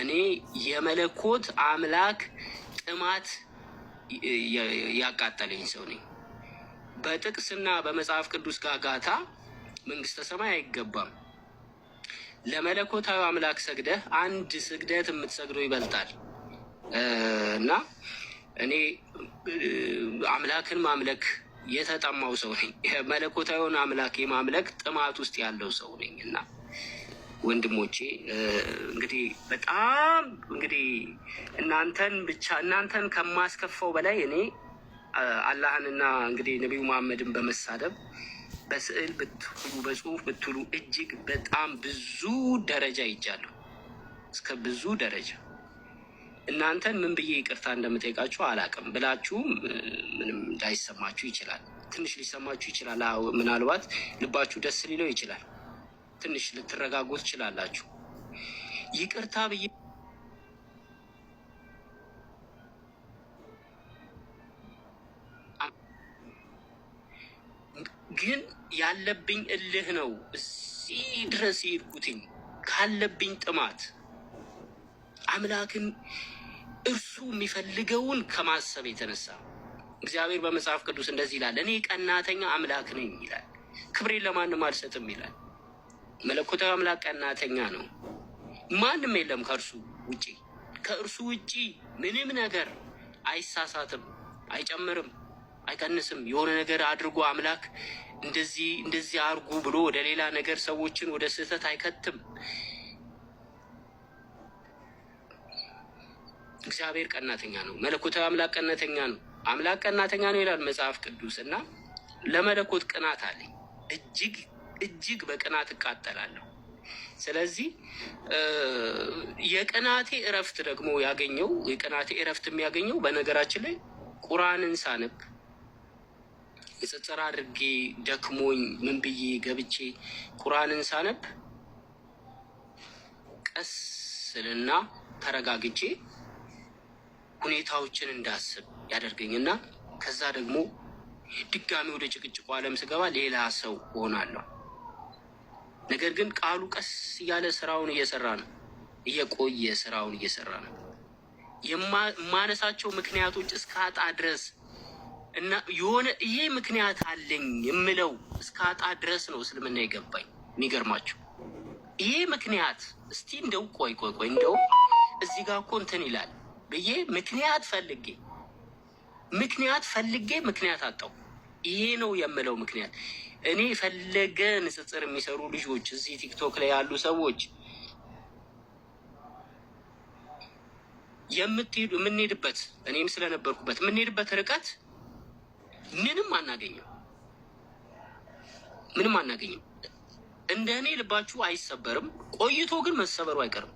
እኔ የመለኮት አምላክ ጥማት ያቃጠለኝ ሰው ነኝ። በጥቅስና በመጽሐፍ ቅዱስ ጋጋታ መንግስተ ሰማይ አይገባም። ለመለኮታዊ አምላክ ሰግደህ አንድ ስግደት የምትሰግደው ይበልጣል እና እኔ አምላክን ማምለክ የተጠማው ሰው ነኝ። መለኮታዊውን አምላክ የማምለክ ጥማት ውስጥ ያለው ሰው ነኝ እና ወንድሞቼ እንግዲህ በጣም እንግዲህ እናንተን ብቻ እናንተን ከማስከፋው በላይ እኔ አላህንና እንግዲህ ነቢዩ መሐመድን በመሳደብ በስዕል ብትሉ በጽሁፍ ብትሉ እጅግ በጣም ብዙ ደረጃ ይጃለሁ። እስከ ብዙ ደረጃ እናንተን ምን ብዬ ይቅርታ እንደምጠይቃችሁ አላቅም። ብላችሁም ምንም ላይሰማችሁ ይችላል፣ ትንሽ ሊሰማችሁ ይችላል። ምናልባት ልባችሁ ደስ ሊለው ይችላል። ትንሽ ልትረጋጉ ትችላላችሁ። ይቅርታ ብዬ ግን ያለብኝ እልህ ነው እዚህ ድረስ የሄድኩትኝ ካለብኝ ጥማት አምላክን እርሱ የሚፈልገውን ከማሰብ የተነሳ እግዚአብሔር በመጽሐፍ ቅዱስ እንደዚህ ይላል፣ እኔ ቀናተኛ አምላክ ነኝ ይላል። ክብሬን ለማንም አልሰጥም ይላል። መለኮታዊ አምላክ ቀናተኛ ነው። ማንም የለም ከእርሱ ውጪ። ከእርሱ ውጪ ምንም ነገር አይሳሳትም፣ አይጨምርም፣ አይቀንስም። የሆነ ነገር አድርጎ አምላክ እንደዚህ እንደዚህ አርጉ ብሎ ወደ ሌላ ነገር ሰዎችን ወደ ስህተት አይከትም። እግዚአብሔር ቀናተኛ ነው። መለኮታዊ አምላክ ቀናተኛ ነው። አምላክ ቀናተኛ ነው ይላል መጽሐፍ ቅዱስ እና ለመለኮት ቅናት አለኝ እጅግ እጅግ በቅናት እቃጠላለሁ። ስለዚህ የቅናቴ እረፍት ደግሞ ያገኘው የቅናቴ እረፍት የሚያገኘው በነገራችን ላይ ቁርአንን ሳነብ ንጽጽር አድርጌ ደክሞኝ ምን ብዬ ገብቼ ቁርአንን ሳነብ ቀስልና ተረጋግቼ ሁኔታዎችን እንዳስብ ያደርገኝና ከዛ ደግሞ ድጋሚ ወደ ጭቅጭቁ ዓለም ስገባ ሌላ ሰው እሆናለሁ። ነገር ግን ቃሉ ቀስ እያለ ስራውን እየሰራ ነው፣ እየቆየ ስራውን እየሰራ ነው። የማነሳቸው ምክንያቶች እስካጣ ድረስ እና የሆነ ይሄ ምክንያት አለኝ የምለው እስካጣ ድረስ ነው እስልምና የገባኝ። የሚገርማቸው ይሄ ምክንያት እስቲ እንደው ቆይ ቆይ ቆይ እንደው እዚህ ጋር እኮ እንትን ይላል ብዬ ምክንያት ፈልጌ ምክንያት ፈልጌ ምክንያት አጣው። ይሄ ነው የምለው ምክንያት እኔ ፈለገ ንጽጽር የሚሰሩ ልጆች እዚህ ቲክቶክ ላይ ያሉ ሰዎች የምትሄዱ የምንሄድበት እኔም ስለነበርኩበት የምንሄድበት ርቀት ምንም አናገኘው ምንም አናገኝም። እንደ እኔ ልባችሁ አይሰበርም። ቆይቶ ግን መሰበሩ አይቀርም።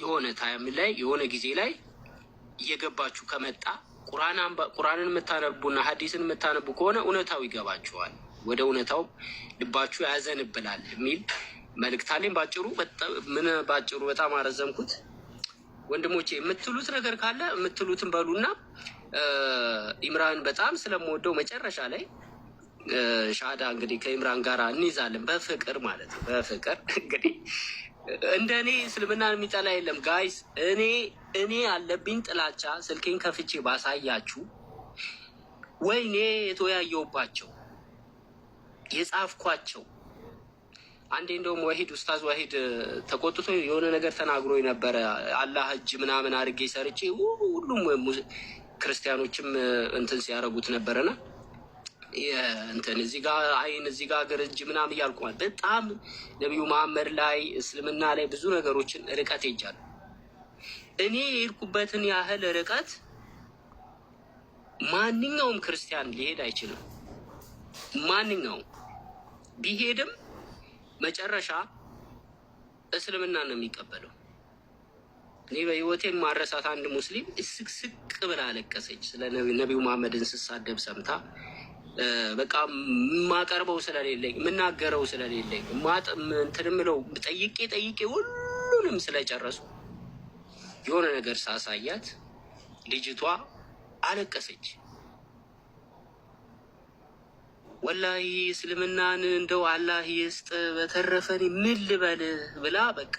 የሆነ ታይም ላይ የሆነ ጊዜ ላይ እየገባችሁ ከመጣ ቁርአንን የምታነቡና ሀዲስን የምታነቡ ከሆነ እውነታው ይገባችኋል። ወደ እውነታው ልባችሁ ያዘንብላል የሚል መልእክት አለኝ። ባጭሩ ምን ባጭሩ በጣም አረዘምኩት። ወንድሞቼ የምትሉት ነገር ካለ የምትሉትን በሉና ኢምራን በጣም ስለምወደው መጨረሻ ላይ ሻዳ እንግዲህ ከኢምራን ጋር እንይዛለን በፍቅር ማለት ነው። በፍቅር እንግዲህ እንደ እኔ እስልምናን የሚጠላ የለም ጋይስ። እኔ እኔ አለብኝ ጥላቻ ስልኬን ከፍቼ ባሳያችሁ ወይኔ የተወያየውባቸው የጻፍኳቸው አንዴ እንደውም ወሂድ ኡስታዝ ወሂድ ተቆጥቶ የሆነ ነገር ተናግሮ ነበረ። አላህ እጅ ምናምን አድርጌ ሰርቼ ሁሉም ክርስቲያኖችም እንትን ሲያደርጉት ነበረና እንትን እዚህ ጋር አይን እዚህ ጋር ግርጅ ምናምን እያልኩማል። በጣም ነቢዩ መሐመድ ላይ እስልምና ላይ ብዙ ነገሮችን ርቀት ሄጃለሁ። እኔ የሄድኩበትን ያህል ርቀት ማንኛውም ክርስቲያን ሊሄድ አይችልም። ማንኛውም ቢሄድም መጨረሻ እስልምና ነው የሚቀበለው። እኔ በህይወቴ ማረሳት አንድ ሙስሊም እስቅስቅ ብላ አለቀሰች፣ ስለ ነቢዩ መሐመድን ስሳደብ ሰምታ በቃ የማቀርበው ስለሌለኝ የምናገረው ስለሌለኝ እንትን ምለው ጠይቄ ጠይቄ ሁሉንም ስለጨረሱ የሆነ ነገር ሳሳያት ልጅቷ አለቀሰች። ወላሂ እስልምናን እንደው አላህ ይስጥ በተረፈን ምን ልበል ብላ በቃ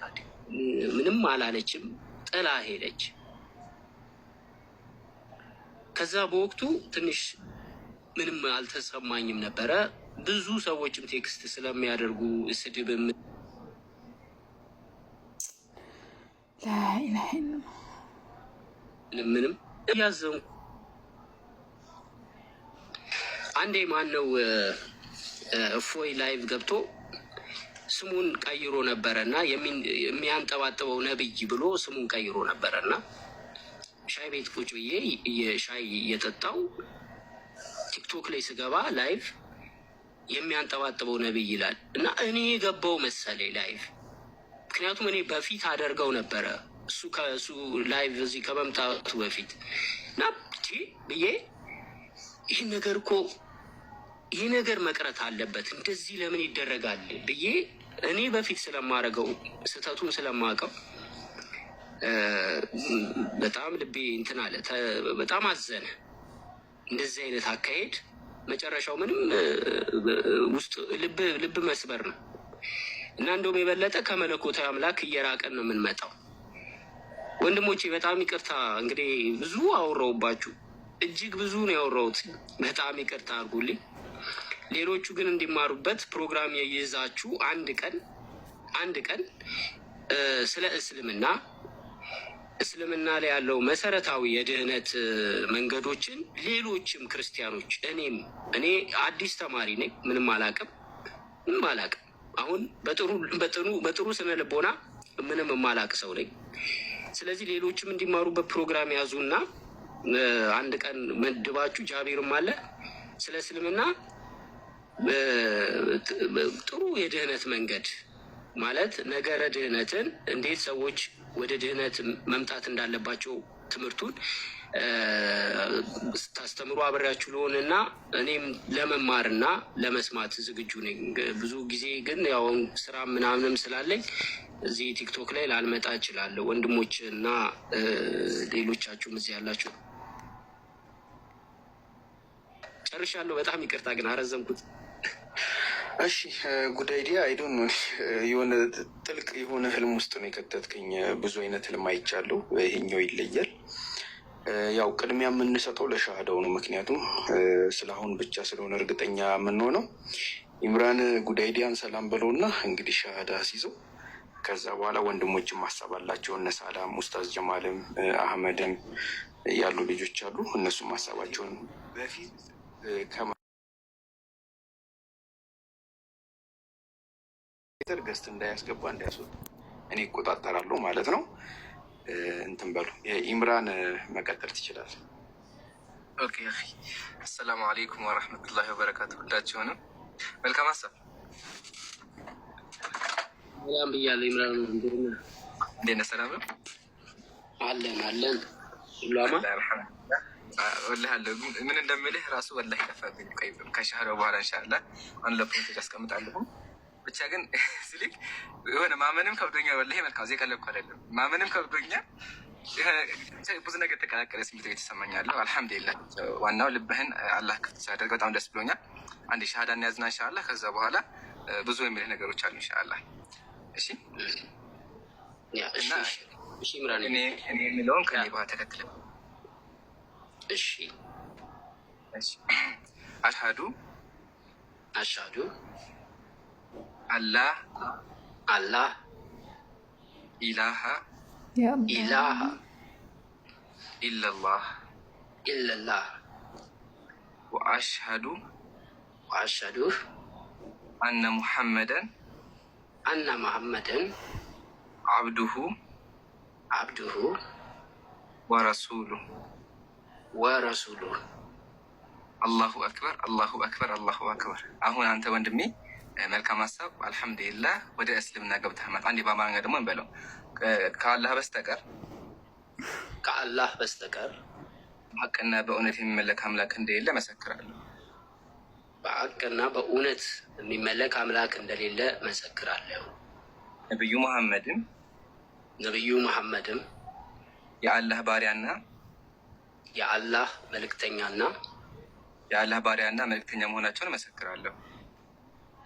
ምንም አላለችም፣ ጥላ ሄደች። ከዛ በወቅቱ ትንሽ ምንም አልተሰማኝም ነበረ። ብዙ ሰዎችም ቴክስት ስለሚያደርጉ ስድብም ምንም እያዘንኩ አንዴ ማን ነው እፎይ ላይቭ ገብቶ ስሙን ቀይሮ ነበረ እና የሚያንጠባጥበው ነብይ ብሎ ስሙን ቀይሮ ነበረ እና ሻይ ቤት ቁጭ ብዬ ሻይ እየጠጣው ቲክቶክ ላይ ስገባ ላይቭ የሚያንጠባጥበው ነብይ ይላል እና እኔ የገባው መሰለኝ ላይቭ። ምክንያቱም እኔ በፊት አደርገው ነበረ እሱ ከእሱ ላይቭ እዚህ ከመምጣቱ በፊት እና ብዬ ይህ ነገር እኮ ይህ ነገር መቅረት አለበት፣ እንደዚህ ለምን ይደረጋል ብዬ እኔ በፊት ስለማደርገው ስህተቱን ስለማውቀው በጣም ልቤ እንትን አለ፣ በጣም አዘነ። እንደዚህ አይነት አካሄድ መጨረሻው ምንም ውስጥ ልብ ልብ መስበር ነው እና እንደውም የበለጠ ከመለኮታዊ አምላክ እየራቀን ነው የምንመጣው። ወንድሞቼ በጣም ይቅርታ እንግዲህ ብዙ አወራውባችሁ፣ እጅግ ብዙ ነው ያወራሁት። በጣም ይቅርታ አድርጉልኝ። ሌሎቹ ግን እንዲማሩበት ፕሮግራም የይዛችሁ አንድ ቀን አንድ ቀን ስለ እስልምና እስልምና ላይ ያለው መሰረታዊ የድህነት መንገዶችን ሌሎችም ክርስቲያኖች እኔም እኔ አዲስ ተማሪ ነኝ። ምንም አላቅም ምንም አላቅም። አሁን በጥሩ ስነ ልቦና ምንም የማላቅ ሰው ነኝ። ስለዚህ ሌሎችም እንዲማሩበት ፕሮግራም ያዙ እና አንድ ቀን መድባችሁ ጃቢርም አለ ስለ እስልምና ጥሩ የድህነት መንገድ ማለት ነገረ ድህነትን እንዴት ሰዎች ወደ ድህነት መምጣት እንዳለባቸው ትምህርቱን ስታስተምሩ አብሬያችሁ ልሆን እኔም ለመማር ለመስማት ዝግጁ ነኝ። ብዙ ጊዜ ግን ያው ስራ ምናምንም ስላለኝ እዚህ ቲክቶክ ላይ ላልመጣ እችላለሁ። ወንድሞች እና ሌሎቻችሁም እዚህ ያላችሁ ጨርሻለሁ። በጣም ይቅርታ ግን አረዘምኩት። እሺ ጉድ አይዲያ አይዶን የሆነ ጥልቅ የሆነ ህልም ውስጥ ነው የከተትክኝ። ብዙ አይነት ህልም አይቻለሁ። ይሄኛው ይለያል። ያው ቅድሚያ የምንሰጠው ለሻህዳው ነው። ምክንያቱም ስለአሁን ብቻ ስለሆነ እርግጠኛ የምንሆነው ኢምራን ጉድ አይዲያን ሰላም ብለውና እንግዲህ ሻህዳ ሲይዘው ከዛ በኋላ ወንድሞችም ሀሳብ አላቸው። እነ ሳላም ኡስታዝ ጀማልም አህመድም ያሉ ልጆች አሉ። እነሱም ማሳባቸውን በፊት ሚኒስትር ገስት እንዳያስገባ እንዳያስወጡ እኔ ይቆጣጠራሉ ማለት ነው። እንትን በሉ የኢምራን መቀጠል ትችላል። ኦኬ አሰላሙ አሌይኩም ወረህመቱላሂ ወበረካቱ። ሁላችሁንም መልካም አሰብ ሰላም ብያለሁ። ኢምራን እንዴት ነህ? ሰላም ነው አለን አለን ሁላማ አለ ምን እንደምልህ ራሱ ወላሂ ከፋብኝ። ከሻህረ በኋላ እንሻላ አንድ ለፖንቶች አስቀምጣለሁ ብቻ ግን ስልክ የሆነ ማመንም ከብዶኛ በለ መልካም ዜ ቀለብኩ አይደለም። ማመንም ከብዶኛ ብዙ ነገር ተቀላቀለ ስሜት የተሰማኛለሁ አልሐምዱላ ዋናው ልብህን አላህ ክፍት ሲያደርግ በጣም ደስ ብሎኛል። አንድ ሻሃዳ እናያዝና እንሻላ ከዛ በኋላ ብዙ የሚልህ ነገሮች አሉ እንሻላ። እሺ የሚለውን ከኔ በኋላ ተከትለ እሺ الله الله إله إله إلا الله إلا الله وأشهد وأشهد أن محمدا أن محمدا عبده عبده ورسوله ورسوله الله أكبر الله أكبر الله أكبر أهون أنت وندمي መልካም ሀሳብ አልሐምዱሊላህ። ወደ እስልምና ገብተህ መጣ። አንዴ በአማርኛ ደግሞ እንበለው ከአላህ በስተቀር ከአላህ በስተቀር በሀቅና በእውነት የሚመለክ አምላክ እንደሌለ መሰክራለሁ። በሀቅና በእውነት የሚመለክ አምላክ እንደሌለ መሰክራለሁ። ነብዩ መሐመድም ነብዩ መሐመድም የአላህ ባሪያና የአላህ መልእክተኛና የአላህ ባሪያና መልእክተኛ መሆናቸውን መሰክራለሁ።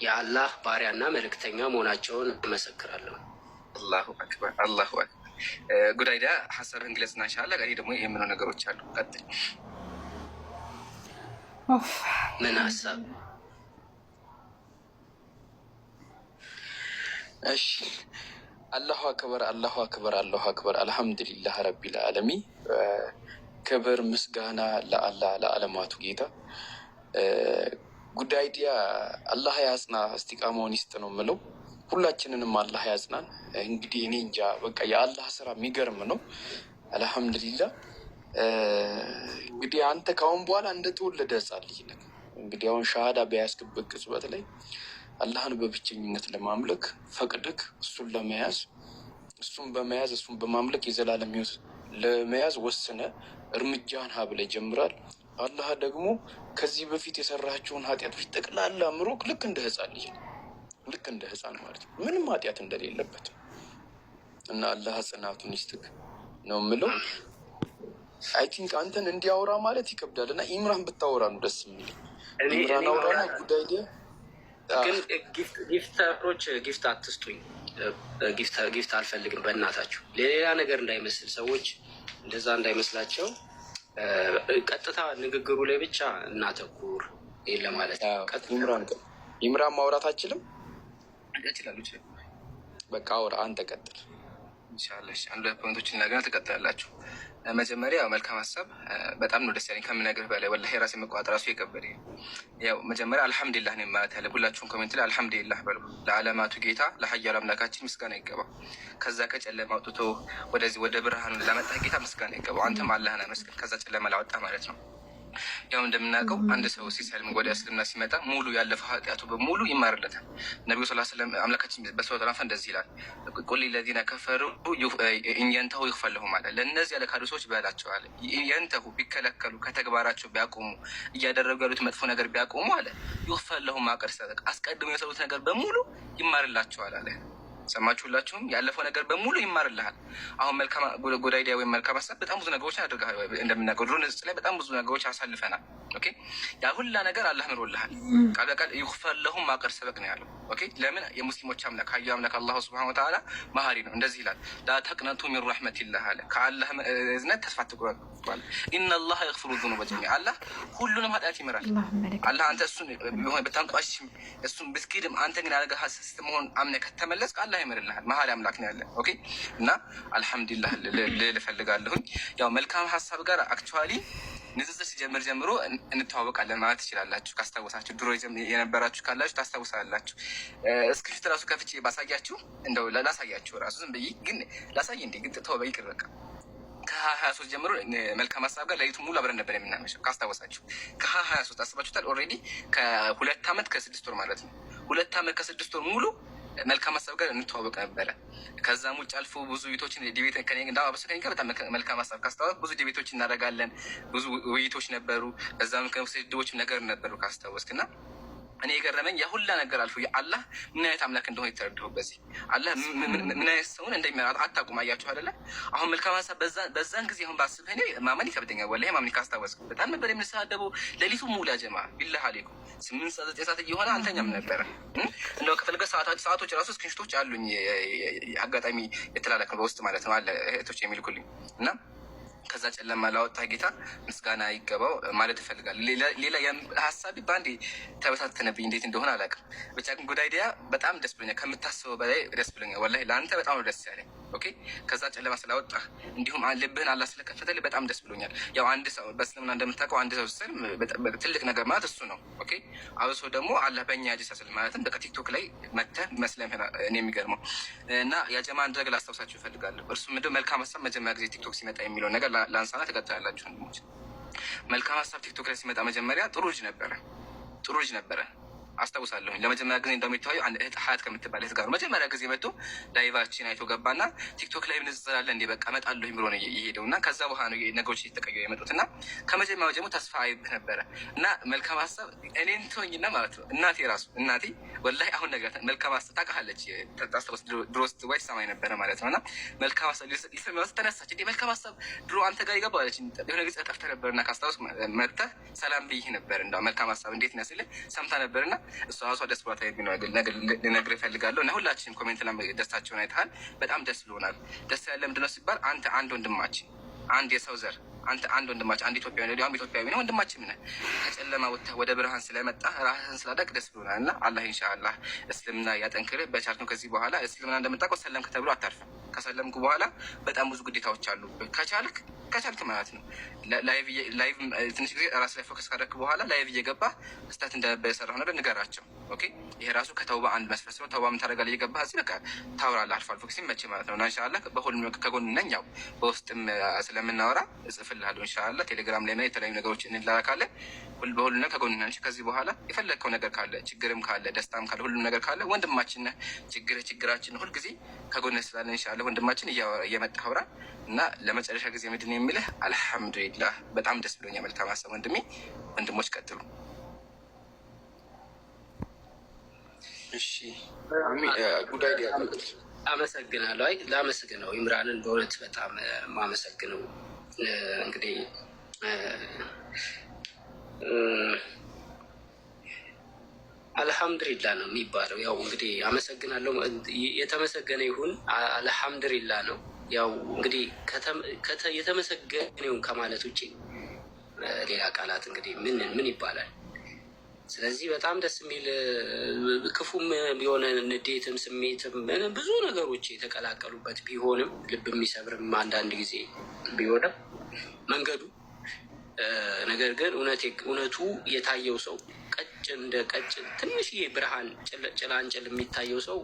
የአላህ ባሪያና መልእክተኛ መሆናቸውን እመሰክራለሁ። አላሁ አክበር አላሁ አክበር። ጉዳይዳ ሀሳብህን ግለጽ ናሻለ እኔ ደግሞ የምነው ነገሮች አሉ። ቀጥል። ምን ሀሳብ? እሺ አላሁ አክበር አላሁ አክበር አላሁ አክበር። አልሐምዱሊላህ ረቢል ዓለሚ ክብር ምስጋና ለአላህ ለዓለማቱ ጌታ ጉድ አይዲያ አላህ ያጽና። እስቲ ቃማውን ይስጥ ነው የምለው። ሁላችንንም አላህ ያጽናን። እንግዲህ እኔ እንጃ በቃ የአላህ ስራ የሚገርም ነው። አልሐምዱሊላ እንግዲህ አንተ ካሁን በኋላ እንደተወለደ ህጻን ልጅ ነህ። እንግዲህ አሁን ሻሃዳ በያዝክበት ቅጽበት ላይ አላህን በብቸኝነት ለማምለክ ፈቅድክ እሱን ለመያዝ እሱን በመያዝ እሱን በማምለክ የዘላለም ህይወት ለመያዝ ወስነ እርምጃህን ሀብለ ጀምራል። አላህ ደግሞ ከዚህ በፊት የሰራቸውን ኃጢአቶች ጠቅላላ ምሮክ ልክ እንደ ህፃን ልጅ ልክ እንደ ህፃን ማለት ነው ምንም ኃጢአት እንደሌለበት እና አላህ ጽናቱን ይስጥክ ነው የምለው። አይ ቲንክ አንተን እንዲያወራ ማለት ይከብዳል እና ኢምራን ብታወራ ነው ደስ የሚል። ኢምራን አውራና ጉዳይ ግን ጊፍተሮች ጊፍት አትስጡኝ። ጊፍት አልፈልግም። በእናታችሁ ለሌላ ነገር እንዳይመስል ሰዎች እንደዛ እንዳይመስላቸው ቀጥታ ንግግሩ ላይ ብቻ እናተኩር የለ ማለት ይምራን ማውራት አችልም። በቃ አውራ አንተ ቀጥል። ትንሻለሽ አንዱ ሁለት ፖይንቶችን ነገር ትቀጥላላችሁ። መጀመሪያ መልካም ሀሳብ በጣም ነው ደስ ያለኝ ከምነግርህ በላይ ወላሂ ራሴ መቋጠር ራሱ የከበደኝ። ያው መጀመሪያ አልሐምዱሊላህ ነው ማለት ያለ ሁላችሁም ኮሜንት ላይ አልሐምዱሊላህ በሉ። ለዓለማቱ ጌታ ለሀያሉ አምላካችን ምስጋና ይገባው። ከዛ ከጨለማ አውጥቶ ወደዚህ ወደ ብርሃኑ ላመጣህ ጌታ ምስጋና ይገባው። አንተም አላህን አመስግን፣ ከዛ ጨለማ ላወጣህ ማለት ነው። ያው እንደምናውቀው አንድ ሰው ሲሰልም ወደ እስልምና ሲመጣ ሙሉ ያለፈው ኃጢአቱ በሙሉ ይማርለታል። ነቢዩ ስላ ስለም አምላካችን በሱረቱል አንፋል እንደዚህ ይላል፣ ቁል ለዚነ ከፈሩ እንየንተሁ ይክፈል ለሁም አለ። ለእነዚህ ያለ ካዱ ሰዎች በላቸው አለ። እንየንተሁ ቢከለከሉ ከተግባራቸው ቢያቆሙ እያደረጉ ያሉት መጥፎ ነገር ቢያቆሙ አለ ይክፈል ለሁም ሰጠቅ አስቀድሞ የሰሩት ነገር በሙሉ ይማርላቸዋል አለ። ሰማችሁላችሁም። ያለፈው ነገር በሙሉ ይማርልሃል። አሁን መልካም ጎዳ ዲያ ወይም መልካም ሀሳብ በጣም ብዙ ነገሮች አድርገሃል። እንደምናገሩ ድሮ ንጽጽ ላይ በጣም ብዙ ነገሮች አሳልፈናል። ኦኬ ያ ሁላ ነገር አላህ ምሮልሃል። ቃል በቃል ይክፈል ማቀር ሰበቅ ነው ያለው። ኦኬ ለምን የሙስሊሞች አምላክ ሀዩ አምላክ አላሁ ስብሃነ ወተዓላ መሀሪ ነው። እንደዚህ ይላል፣ ላተቅነቱ ሚን ረሕመቲላህ አለ። ከአላህ እዝነት ተስፋ ትቁረጥ ይባል ኢነላህ የግፍሩ ዙኑበ ጀሚዓ። አላህ ሁሉንም ኃጢአት ይምራል። አላህ አንተ እሱን ብታንቋሽም እሱን ብትክድም አንተ ግን አደጋ ሀሰስት መሆን አምነህ ከተመለስክ አላህ ይምርልሃል። መሀል አምላክ ነው ያለን። ኦኬ እና አልሐምዱላህ ልል ፈልጋለሁኝ። ያው መልካም ሀሳብ ጋር አክቹዋሊ ንጽጽር ሲጀምር ጀምሮ እንተዋወቃለን ማለት ትችላላችሁ። ካስታወሳችሁ ድሮ የነበራችሁ ካላችሁ ታስታውሳላችሁ። እስክሪፕት ራሱ ከፍቼ ባሳያችሁ እንደው ላሳያችሁ ራሱ ዝም ብዬ ግን ላሳይ እንዴ ግን ተው በይቅር በቃ ከሀያ ሀያ ሶስት ጀምሮ መልካም ሀሳብ ጋር ለሊቱ ሙሉ አብረን ነበር የምናመሸው ካስታወሳችሁ። ከሀያ ሀያ ሶስት አስባችሁታል። ኦልሬዲ ከሁለት አመት ከስድስት ወር ማለት ነው። ሁለት አመት ከስድስት ወር ሙሉ መልካም ሀሳብ ጋር እንተዋወቅ ነበረ። ከዛም ውጭ አልፎ ብዙ ውይይቶችን ዲቤት እንዳበሱ ከኔ ጋር በጣም መልካም ሀሳብ ካስታወቅ ብዙ ዲቤቶች እናደርጋለን። ብዙ ውይይቶች ነበሩ። በዛም ምክንያት ነገር ነበሩ ካስታወስክ እና እኔ የገረመኝ ያ ሁላ ነገር አልፎ አላህ ምን አይነት አምላክ እንደሆነ የተረድሁ በዚህ አላህ ምን አይነት ሰውን እንደሚያ አታውቁም። አያችሁ አይደለ? አሁን መልካም ሀሳብ በዛን ጊዜ አሁን ባስብህ እኔ ማመን ይከብደኛል። ወላ ማመን ካስታወስ በጣም ነበር የምንሰዳደበው ሌሊቱ ሙላ ጀማ ቢላህ አሌኩም ስምንት ሰዓት ዘጠኝ ሰዓት እየሆነ አንተኛም ነበረ። እንደው ከፈለገ ሰዓቶች ራሱ እስክንሽቶች አሉኝ አጋጣሚ የተላለክ በውስጥ ማለት ነው አለ እህቶች የሚልኩልኝ እና ከዛ ጨለማ ላወጣ ጌታ ምስጋና ይገባው ማለት ይፈልጋል። ሌላ ሀሳቢ በአንዴ ተበታተነብኝ እንዴት እንደሆነ አላውቅም። ብቻ ግን ጉዳይ ዲያ በጣም ደስ ብሎኛል፣ ከምታስበው በላይ ደስ ብሎኛል። ወላሂ ለአንተ በጣም ደስ ያለኝ ኦኬ ከዛ ጨለማ ስላወጣህ እንዲሁም ልብህን አላህ ስለከፈተልህ በጣም ደስ ብሎኛል። ያው አንድ ሰው በእስልምና እንደምታውቀው አንድ ሰው ስል ትልቅ ነገር ማለት እሱ ነው። ኦኬ አብሶ ደግሞ አላህ በእኛ እጅ ሰስል ማለትም በቃ ቲክቶክ ላይ መተህ መስለም እኔ የሚገርመው እና ያጀማ አንድ ነገር ላስታውሳችሁ ይፈልጋለሁ። እርሱ ምንድን መልካም ሀሳብ መጀመሪያ ጊዜ ቲክቶክ ሲመጣ የሚለውን ነገር ለአንሳና ተከታያላችሁ ወንድሞች። መልካም ሀሳብ ቲክቶክ ላይ ሲመጣ መጀመሪያ ጥሩ ልጅ ነበረ፣ ጥሩ ልጅ ነበረ አስታውሳለሁ። ለመጀመሪያ ጊዜ እንደሚታዩ አንድ እህት ሀያት ከምትባል እህት ጋር መጀመሪያ ጊዜ መጥቶ ላይቫችን አይቶ ገባና ቲክቶክ ላይ እንዘራለን እንዲ በቃ እመጣለሁኝ ብሎ ነው የሄደው እና ከዛ በኋላ ነው ነገሮች የተቀየሩ የመጡት እና ከመጀመሪያ ደግሞ ተስፋ አይብህ ነበረ እና መልካም ሀሳብ እኔን ትሆኝና ማለት ነው እናቴ ራሱ እናቴ ወላሂ አሁን ነገር መልካም ሀሳብ ታውቃለች። ታስታውስ ድሮ ስትዋይ ሰማኝ ነበረ ማለት ነው እና መልካም ሀሳብ ተነሳች እ መልካም ሀሳብ ድሮ አንተ ጋር ይገባለች የሆነ ጊዜ ጠፍተህ ነበር እና ካስታውስ መጥተህ ሰላም ብይህ ነበር እንደ መልካም ሀሳብ እንዴት ነስልህ ሰምታ ነበር እና እሷ ራሷ ደስ ብሏት ልነግርህ ይፈልጋለሁ እና ሁላችንም ኮሜንት ደስታቸውን አይተሃል። በጣም ደስ ብሎናል። ደስ ያለ ምንድነው ሲባል አንተ አንድ ወንድማችን አንድ የሰው ዘር አንተ አንድ ወንድማችን አንድ ኢትዮጵያዊ ነው፣ ዲያም ኢትዮጵያዊ ነው ወንድማችን ነህ። ከጨለማ ወጥተህ ወደ ብርሃን ስለመጣ ራስህን ስላደግ ደስ ብሎናል እና አላህ ኢንሻአላህ እስልምና ያጠንክርህ። በቻልክ ነው ከዚህ በኋላ እስልምና እንደምታውቀው ሰለምክ ተብሎ አታርፍም። ከሰለምኩ በኋላ በጣም ብዙ ግዴታዎች አሉ። ከቻልክ ከቻልክ ማለት ነው ላይቭ ትንሽ ጊዜ ራስ ላይ ፎከስ ካደረክ በኋላ ላይቭ እየገባህ ስህተት እንደሰራ ሆነ ንገራቸው። ኦኬ ይሄ ራሱ ከተውባ አንድ መስፈስ ነው። ተውባ ምታደረጋል እየገባህ እዚህ በቃ ታወራለህ። አርፋል ፎክሲ መቼ ማለት ነው እና ኢንሻአላህ በሁሉም ከጎን ነኝ ያው በውስጥም ስለምናወራ ጽፍ ጽፍልሃለሁ ኢንሻላህ። ቴሌግራም ላይ የተለያዩ ነገሮች እንላላካለን። በሁሉ ነገር ከጎንናንሽ ከዚህ በኋላ የፈለግከው ነገር ካለ ችግርም ካለ ደስታም ካለ ሁሉም ነገር ካለ ወንድማችን ችግር ችግራችን ሁልጊዜ ከጎን ስላለ ኢንሻላህ ወንድማችን እየመጣ አብራን እና ለመጨረሻ ጊዜ ምንድን የሚልህ? አልሐምዱሊላህ በጣም ደስ ብሎኛል። መልካም ሀሳብ ወንድሜ። ወንድሞች ቀጥሉ። እሺ ጉዳይ አመሰግናለሁ። አይ ላመሰግነው ኢምራንን በእውነት በጣም ማመሰግነው እንግዲህ አልሐምድሊላ ነው የሚባለው። ያው እንግዲህ አመሰግናለሁ የተመሰገነ ይሁን አልሐምድሊላ ነው። ያው እንግዲህ የተመሰገነ ይሁን ከማለት ውጭ ሌላ ቃላት እንግዲህ ምን ምን ይባላል? ስለዚህ በጣም ደስ የሚል ክፉም የሆነ ንዴትም ስሜትም ብዙ ነገሮች የተቀላቀሉበት ቢሆንም ልብ የሚሰብርም አንዳንድ ጊዜ ቢሆንም መንገዱ ነገር ግን እውነቱ የታየው ሰው ቀጭን እንደ ቀጭን ትንሽዬ ብርሃን ጭላንጭል የሚታየው ሰው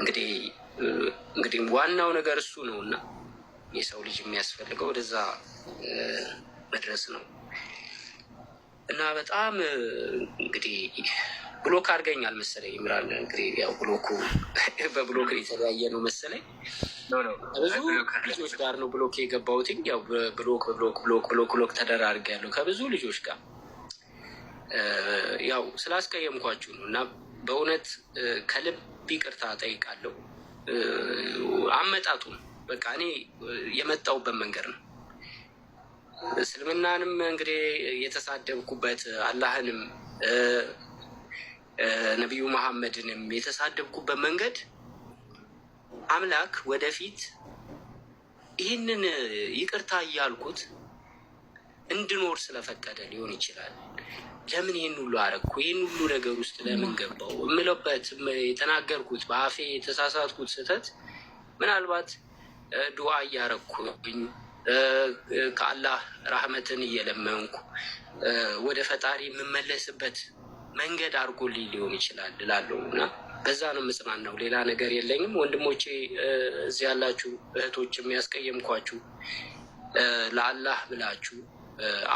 እንግዲህ እንግዲህ ዋናው ነገር እሱ ነው እና የሰው ልጅ የሚያስፈልገው ወደዛ መድረስ ነው። እና በጣም እንግዲህ ብሎክ አድርገኛል መሰለኝ። ይምራል እንግዲህ ያው ብሎኩ በብሎክ የተለያየ ነው መሰለኝ። ብዙ ልጆች ጋር ነው ብሎክ የገባሁት። ያው ብሎክ ብሎክ ብሎክ ብሎክ ብሎክ ተደራርገ ያለው ከብዙ ልጆች ጋር ያው ስላስቀየምኳችሁ ነው እና በእውነት ከልብ ይቅርታ ጠይቃለሁ። አመጣጡም በቃ እኔ የመጣሁበት መንገድ ነው። እስልምናንም እንግዲህ የተሳደብኩበት አላህንም ነቢዩ መሐመድንም የተሳደብኩበት መንገድ አምላክ ወደፊት ይህንን ይቅርታ እያልኩት እንድኖር ስለፈቀደ ሊሆን ይችላል። ለምን ይህን ሁሉ አረግኩ? ይህን ሁሉ ነገር ውስጥ ለምን ገባው? የምለበት የተናገርኩት በአፌ የተሳሳትኩት ስህተት ምናልባት ዱዓ እያረግኩኝ ከአላህ ራህመትን እየለመንኩ ወደ ፈጣሪ የምመለስበት መንገድ አድርጎልኝ ሊሆን ይችላል እላለሁ እና በዛ ነው የምጽናናው። ሌላ ነገር የለኝም። ወንድሞቼ እዚህ ያላችሁ እህቶች፣ የሚያስቀየምኳችሁ ለአላህ ብላችሁ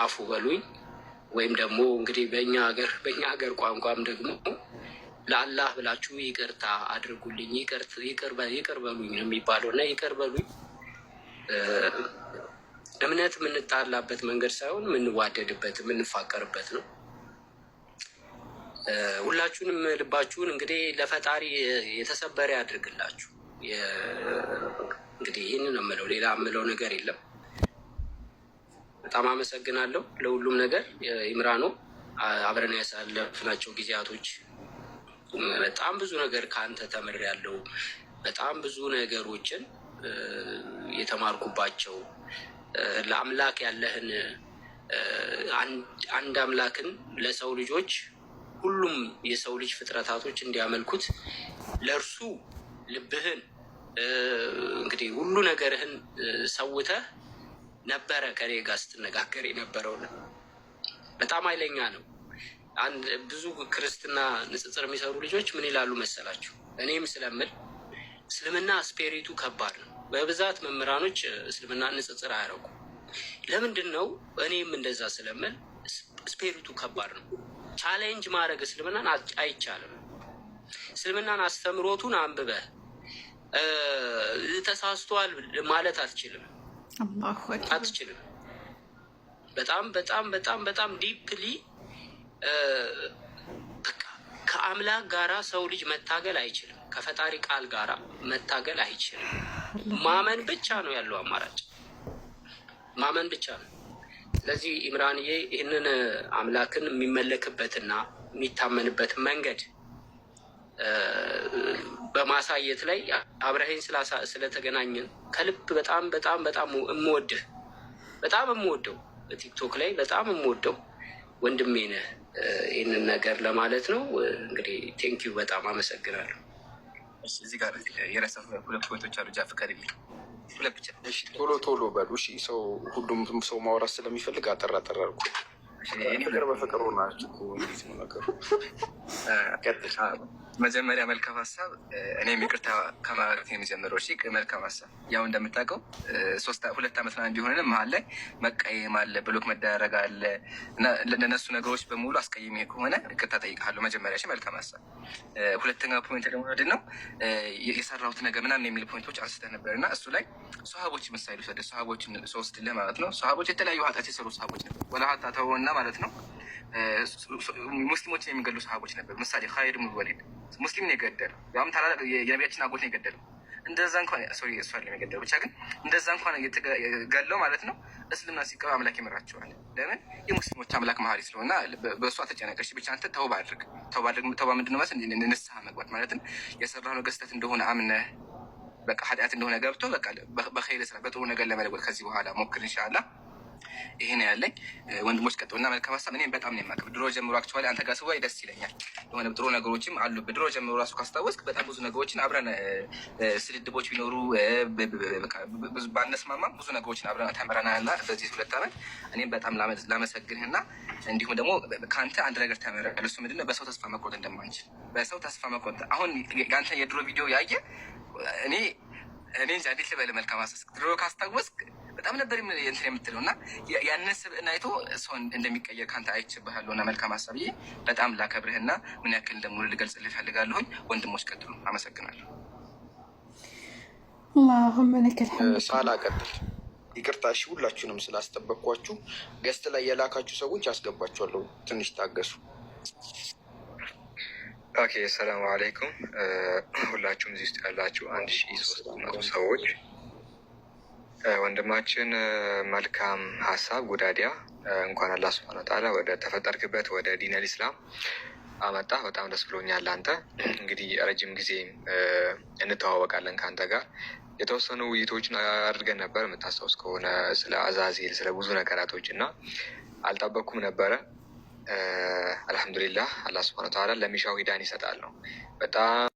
አፉ በሉኝ። ወይም ደግሞ እንግዲህ በእኛ ሀገር በእኛ ሀገር ቋንቋም ደግሞ ለአላህ ብላችሁ ይቅርታ አድርጉልኝ፣ ይቅር በሉኝ ነው የሚባለው እና ይቅር በሉኝ እምነት የምንጣላበት መንገድ ሳይሆን የምንዋደድበት የምንፋቀርበት ነው። ሁላችሁንም ልባችሁን እንግዲህ ለፈጣሪ የተሰበረ ያድርግላችሁ። እንግዲህ ይህን ነው የምለው፣ ሌላ የምለው ነገር የለም። በጣም አመሰግናለሁ ለሁሉም ነገር ኢምራኖ። አብረን ያሳለፍናቸው ጊዜያቶች በጣም ብዙ ነገር ከአንተ ተምሬያለሁ። በጣም ብዙ ነገሮችን የተማርኩባቸው ለአምላክ ያለህን አንድ አምላክን ለሰው ልጆች ሁሉም የሰው ልጅ ፍጥረታቶች እንዲያመልኩት ለእርሱ ልብህን እንግዲህ ሁሉ ነገርህን ሰውተህ ነበረ ከኔ ጋር ስትነጋገር የነበረው በጣም ኃይለኛ ነው። አንድ ብዙ ክርስትና ንጽጽር የሚሰሩ ልጆች ምን ይላሉ መሰላችሁ? እኔም ስለምል እስልምና ስፔሪቱ ከባድ ነው በብዛት መምህራኖች እስልምና ንጽጽር አያረጉ። ለምንድን ነው እኔም እንደዛ ስለምል፣ ስፔሪቱ ከባድ ነው። ቻሌንጅ ማድረግ እስልምናን አይቻልም። እስልምናን አስተምሮቱን አንብበህ ተሳስቷል ማለት አትችልም አትችልም። በጣም በጣም በጣም በጣም ዲፕሊ ከአምላክ ጋራ ሰው ልጅ መታገል አይችልም። ከፈጣሪ ቃል ጋራ መታገል አይችልም። ማመን ብቻ ነው ያለው አማራጭ፣ ማመን ብቻ ነው። ስለዚህ ኢምራንዬ ይህንን አምላክን የሚመለክበትና የሚታመንበት መንገድ በማሳየት ላይ አብረኸኝ ስለተገናኘን ከልብ በጣም በጣም በጣም እምወድህ በጣም የምወደው በቲክቶክ ላይ በጣም የምወደው ወንድሜ ነህ። ይህንን ነገር ለማለት ነው እንግዲህ ቴንኪዩ በጣም አመሰግናለሁ። እዚህ ጋር የራሳ ሁለት ፖይንቶች አሉ። ጃፍ ከሪ ሁለት ብቻ ቶሎ ቶሎ በሉ። እሺ፣ ሰው ሁሉም ሰው ማውራት ስለሚፈልግ አጠራ አጠራ አርጉ። ፍቅር በፍቅሩ ናቸው። እንዴት ነው ነገሩ? መጀመሪያ መልካም ሀሳብ እኔም ይቅርታ ከማለት የሚጀምረው እሺ፣ መልካም ሀሳብ ያው እንደምታውቀው ሁለት ዓመት ና እንዲሆን መሀል ላይ መቀየም አለ፣ ብሎክ መደረግ አለ ለነሱ ነገሮች በሙሉ አስቀይሚ ከሆነ ይቅርታ ጠይቃለሁ። መጀመሪያ እሺ፣ መልካም ሀሳብ። ሁለተኛ ፖይንት ደግሞ ምንድን ነው የሰራሁት ነገር ምናምን የሚል ፖይንቶች አንስተ ነበር እና እሱ ላይ ሰሃቦች ምሳሌ ሰደ ሰሃቦች ሰውስድልህ ማለት ነው። ሰሃቦች የተለያዩ ሀጣት የሰሩ ሰሃቦች ነበር ወላ ሀጣተውና ማለት ነው ሙስሊሞችን የሚገሉ ሰሃቦች ነበር። ምሳሌ ኻሊድ ኢብኑል ወሊድ ሙስሊም ነው የገደለው፣ ያውም ታላላቅ የነቢያችን አጎት ነው የገደለው። እንደዛ እንኳን ሶሪ እሱ አይደለም የገደለው ብቻ ግን እንደዛ እንኳን የተገለው ማለት ነው። እስልምና ሲቀበሉ አምላክ ይምራቸዋል። ለምን የሙስሊሞች አምላክ መሀሪ ስለሆነ በእሷ ተጨነቀች። ብቻ አንተ ተውባ አድርግ። ተውባ አድርግ። ተውባ ምንድነው ማለት ንስሐ መግባት ማለትም የሰራ ነው ገስተት እንደሆነ አምነ በቃ ኃጢአት እንደሆነ ገብቶ በቃ በኸይል ስራ በጥሩ ነገር ለመለወጥ ከዚህ በኋላ ሞክር እንሻላ ይሄ ነው ያለኝ። ወንድሞች ቀጥሉና መልካም ሀሳብ። እኔም በጣም ነው የማውቅም ድሮ ጀምሮ አክቸዋል አንተ ጋር ስወይ ደስ ይለኛል። የሆነ ጥሩ ነገሮችም አሉ ድሮ ጀምሮ ራሱ ካስታወስክ በጣም ብዙ ነገሮችን አብረን ስድድቦች ቢኖሩ ባነስማማም ብዙ ነገሮችን አብረን ተምረና እና በዚህ ሁለት ዓመት እኔም በጣም ላመሰግንህ እና እንዲሁም ደግሞ ከአንተ አንድ ነገር ተምሬያለሁ። እሱ ምንድን በሰው ተስፋ መቁረጥ እንደማንችል በሰው ተስፋ መቁረጥ አሁን የአንተን የድሮ ቪዲዮ ያየ እኔ እኔ ጃዴት ልበል መልካም አስተሳሰብ ድሮ ካስታወስክ በጣም ነበር እንትን የምትለው እና ያንን ስብዕና አይቶ ሰው እንደሚቀየር ከአንተ አይችባለሁ እና መልካም አሳብዬ በጣም ላከብርህና ምን ያክል ደግሞ ልገልጽ ልፈልጋለሁኝ። ወንድሞች ቀጥሉ። አመሰግናለሁ። ሳላ ቀጥል። ይቅርታ እሺ፣ ሁላችሁንም ስላስጠበቅኳችሁ ገስት ላይ የላካችሁ ሰዎች አስገባችኋለሁ። ትንሽ ታገሱ። ኦኬ ሰላም አለይኩም ሁላችሁም እዚህ ውስጥ ያላችሁ አንድ ሺ ሶስት መቶ ሰዎች ወንድማችን መልካም ሀሳብ ጉዳዲያ እንኳን አላህ ሱብሃነሁ ወተዓላ ወደ ተፈጠርክበት ወደ ዲነል ኢስላም አመጣ። በጣም ደስ ብሎኛል። አንተ እንግዲህ ረጅም ጊዜ እንተዋወቃለን ከአንተ ጋር የተወሰኑ ውይይቶችን አድርገን ነበር፣ የምታስታውስ ከሆነ ስለ አዛዜል ስለ ብዙ ነገራቶች እና አልጠበቅኩም ነበረ አልሐምዱሊላህ አላህ ስብሃነ ተዓላ ለሚሻው ሂዳን ይሰጣል ነው በጣም